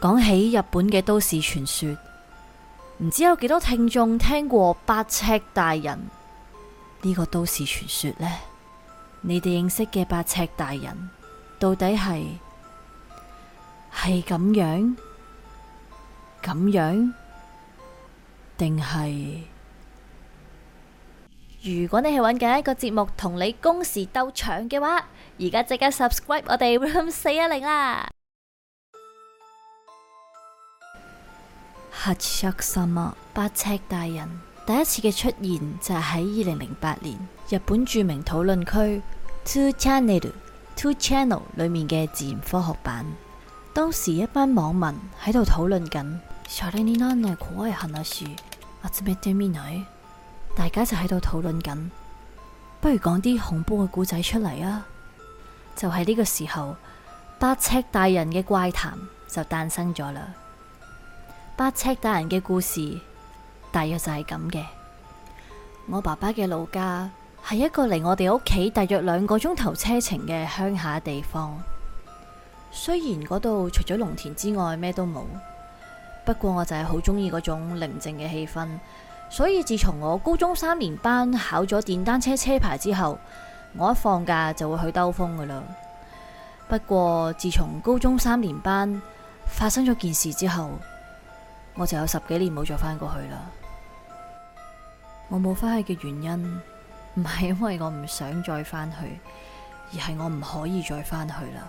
講起日本嘅都市傳說，唔知有幾多聽眾聽過八尺大人呢個都市傳說呢，你哋認識嘅八尺大人到底係係咁樣咁樣，定係？如果你係揾緊一個節目同你公時鬥場嘅話，而家即刻 subscribe 我哋 room 四一零啦！吓出心啊！八尺大人第一次嘅出現就係喺二零零八年，日本著名討論區 Two Channel Two Channel 裏面嘅自然科學版。當時一班網民喺度討論緊，大家就喺度討論緊，不如講啲恐怖嘅故仔出嚟啊！就喺呢個時候，八尺大人嘅怪談就誕生咗啦。八尺大人嘅故事大約就係咁嘅。我爸爸嘅老家係一個離我哋屋企大約兩個鐘頭車程嘅鄉下地方。雖然嗰度除咗農田之外咩都冇，不過我就係好中意嗰種寧靜嘅氣氛。所以自從我高中三年班考咗電單車車牌之後，我一放假就會去兜風噶啦。不過自從高中三年班發生咗件事之後，我就有十幾年冇再返過去啦。我冇返去嘅原因，唔係因為我唔想再返去，而係我唔可以再返去啦。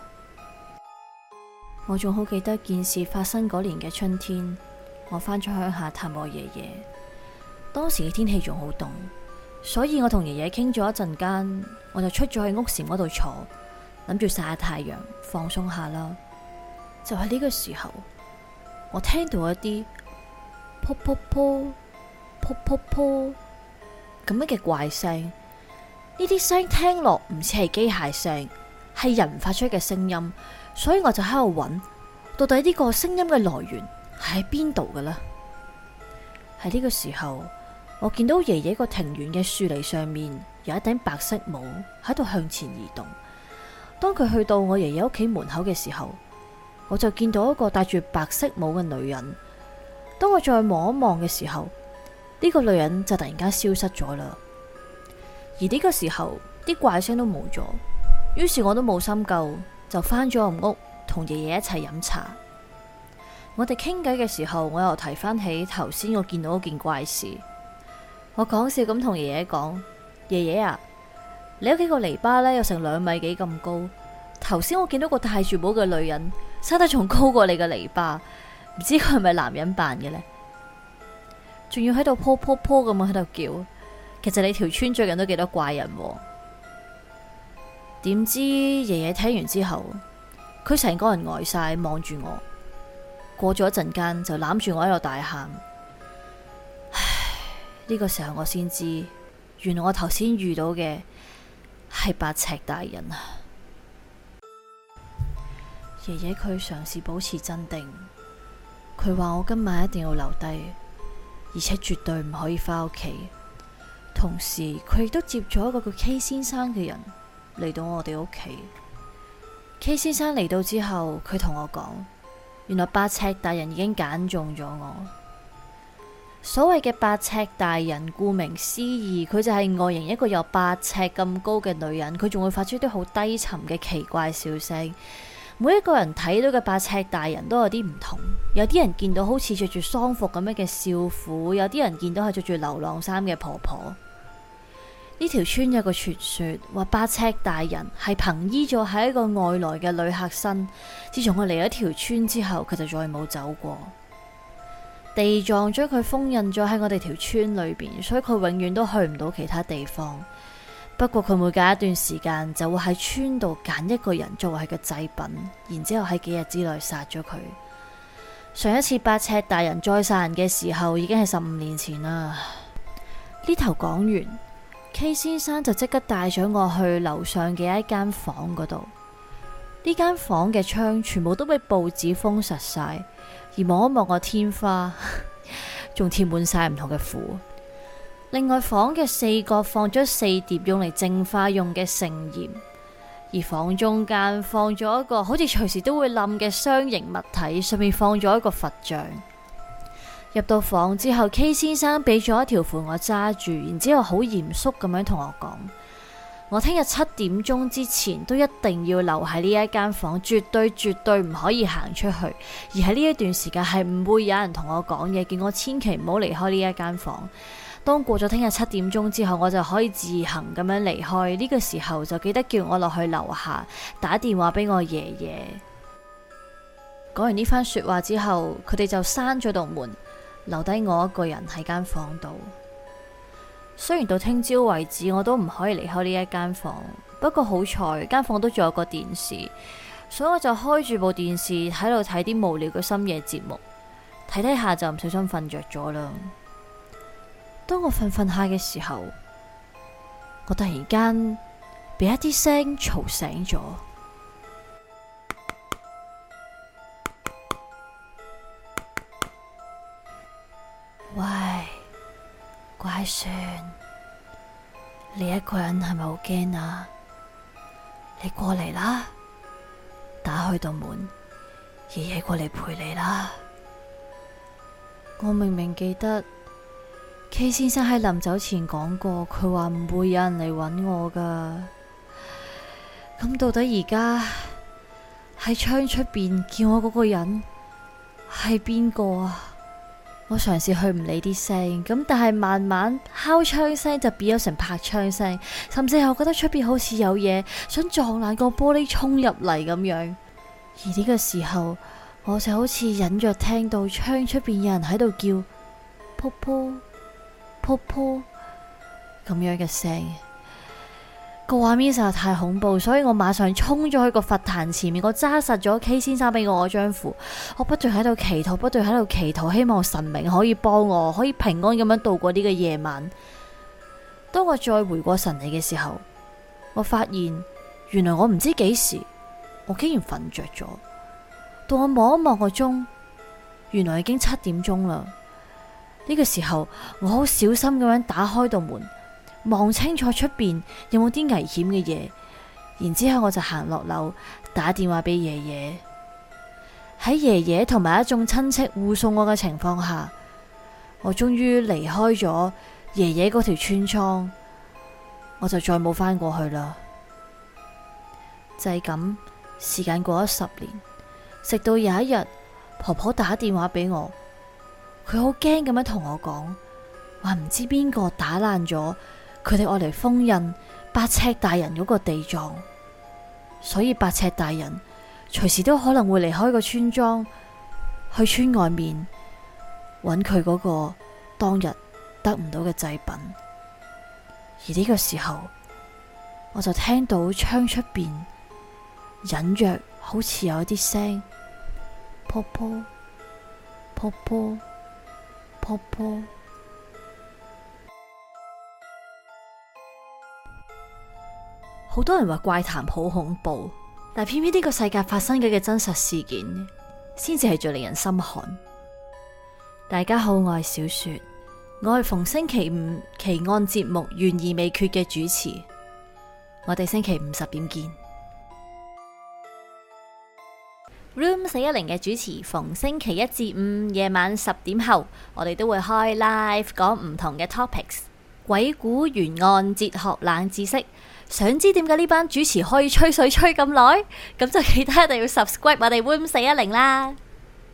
我仲好記得件事發生嗰年嘅春天，我返咗鄉下探我爺爺。當時嘅天氣仲好凍，所以我同爺爺傾咗一陣間，我就出咗去屋檐嗰度坐，諗住曬下太陽放鬆下啦。就喺呢個時候，我聽到一啲噗噗噗噗噗噗咁樣嘅怪聲，呢啲聲聽落唔似係機械聲，係人發出嘅聲音，所以我就喺度揾，到底呢個聲音嘅來源係喺邊度㗎呢？喺呢個時候，我見到爺爺個庭院嘅樹籬上面有一頂白色帽喺度向前移動。當佢去到我爺爺屋企門口嘅時候，我就見到一個戴住白色帽嘅女人。當我再望一望嘅時候，呢個女人就突然間消失咗啦。而呢個時候，啲怪聲都冇咗，於是我都冇心救，就返咗我屋同爺爺一齊飲茶。我哋傾偈嘅時候，我又提翻起頭先我見到嗰件怪事。我講笑咁同爺爺講：爺爺啊，你屋企個籬笆呢，有成兩米幾咁高。頭先我見到個戴住帽嘅女人。山生得仲高過你嘅籬笆，唔知佢係咪男人扮嘅呢？仲要喺度潑潑潑咁樣喺度叫。其實你條村最近都幾多怪人哦。點知爺爺聽完之後，佢成個人呆晒，望住我。過咗一陣間，就攬住我喺度大喊。唉！呢個時候我先知，原來我頭先遇到嘅係八尺大人啊！爺爺佢嘗試保持鎮定，佢話我今晚一定要留低，而且絕對唔可以返屋企。同時佢亦都接咗一個叫 K 先生嘅人嚟到我哋屋企。K 先生嚟到之後，佢同我講，原來八尺大人已經揀中咗我。所謂嘅八尺大人，顧名思義，佢就係外形一個有八尺咁高嘅女人，佢仲會發出啲好低沉嘅奇怪笑聲。每一個人睇到嘅八尺大人都有啲唔同，有啲人見到好似着住喪服咁樣嘅少婦，有啲人見到係着住流浪衫嘅婆婆。呢條村有個傳說話八尺大人係憑依咗喺一個外來嘅旅客身，自從佢嚟咗條村之後，佢就再冇走過。地藏將佢封印咗喺我哋條村裏邊，所以佢永遠都去唔到其他地方。不過佢每隔一段時間就會喺村度揀一個人作為個祭品，然之後喺幾日之內殺咗佢。上一次八尺大人再殺人嘅時候，已經係十五年前啦。呢頭講完，K 先生就即刻帶咗我去樓上嘅一間房嗰度。呢間房嘅窗全部都俾報紙封實曬，而望一望個天花，仲貼滿曬唔同嘅符。另外房嘅四角放咗四碟用嚟淨化用嘅盛鹽，而房中間放咗一個好似隨時都會冧嘅雙形物體，上面放咗一個佛像。入到房之後，K 先生俾咗一條符我揸住，然之後好嚴肅咁樣同我講：我聽日七點鐘之前都一定要留喺呢一間房，絕對絕對唔可以行出去。而喺呢一段時間係唔會有人同我講嘢，叫我千祈唔好離開呢一間房。當過咗聽日七點鐘之後，我就可以自行咁樣離開。呢個時候就記得叫我落去樓下打電話俾我爺爺。講完呢番說話之後，佢哋就閂咗道門，留低我一個人喺間房度。雖然到聽朝為止我都唔可以離開呢一間房，不過好彩間房都仲有個電視，所以我就開住部電視喺度睇啲無聊嘅深夜節目。睇睇下就唔小心瞓着咗啦。當我瞓瞓下嘅時候，我突然間被一啲聲嘈醒咗。喂，乖孫，你一個人係咪好驚啊？你過嚟啦，打開道門，爺爺過嚟陪你啦。我明明記得。K 先生喺臨走前講過，佢話唔會有人嚟揾我噶。咁到底而家喺窗出邊叫我嗰個人係邊個啊？我嘗試去唔理啲聲，咁但係慢慢敲窗聲就變咗成拍窗聲，甚至係我覺得出邊好似有嘢想撞爛個玻璃衝入嚟咁樣。而呢個時候，我就好似隱約聽到窗出邊有人喺度叫婆婆：噗噗。噗噗咁樣嘅聲，個畫面實在太恐怖，所以我馬上衝咗去個佛壇前面，我揸實咗 K 先生俾我嗰張符，我不斷喺度祈禱，不斷喺度祈禱，希望神明可以幫我，可以平安咁樣度過呢個夜晚。當我再回過神嚟嘅時候，我發現原來我唔知幾時，我竟然瞓着咗。當我望一望個鐘，原來已經七點鐘啦。呢個時候，我好小心咁樣打開道門，望清楚出邊有冇啲危險嘅嘢。然之後我就行落樓，打電話俾爺爺。喺爺爺同埋一眾親戚護送我嘅情況下，我終於離開咗爺爺嗰條村莊，我就再冇返過去啦。就係咁，時間過咗十年，直到有一日，婆婆打電話俾我。佢好驚咁樣同我講話，唔知邊個打爛咗佢哋愛嚟封印八尺大人嗰個地藏，所以八尺大人隨時都可能會離開個村莊，去村外面揾佢嗰個當日得唔到嘅祭品。而呢個時候，我就聽到窗出邊隱約好似有一啲聲，婆婆，婆婆。坡坡，好多人話怪談好恐怖，但偏偏呢個世界發生嘅嘅真實事件，先至係最令人心寒。大家好，我係小雪，我係逢星期五奇案節目懸而未決嘅主持，我哋星期五十點見。Room 四一零嘅主持逢星期一至五夜晚十點後，我哋都會開 live 講唔同嘅 topics，鬼古懸案、哲學冷知識。想知點解呢班主持可以吹水吹咁耐？咁就記得一定要 subscribe 我哋 Room 四一零啦。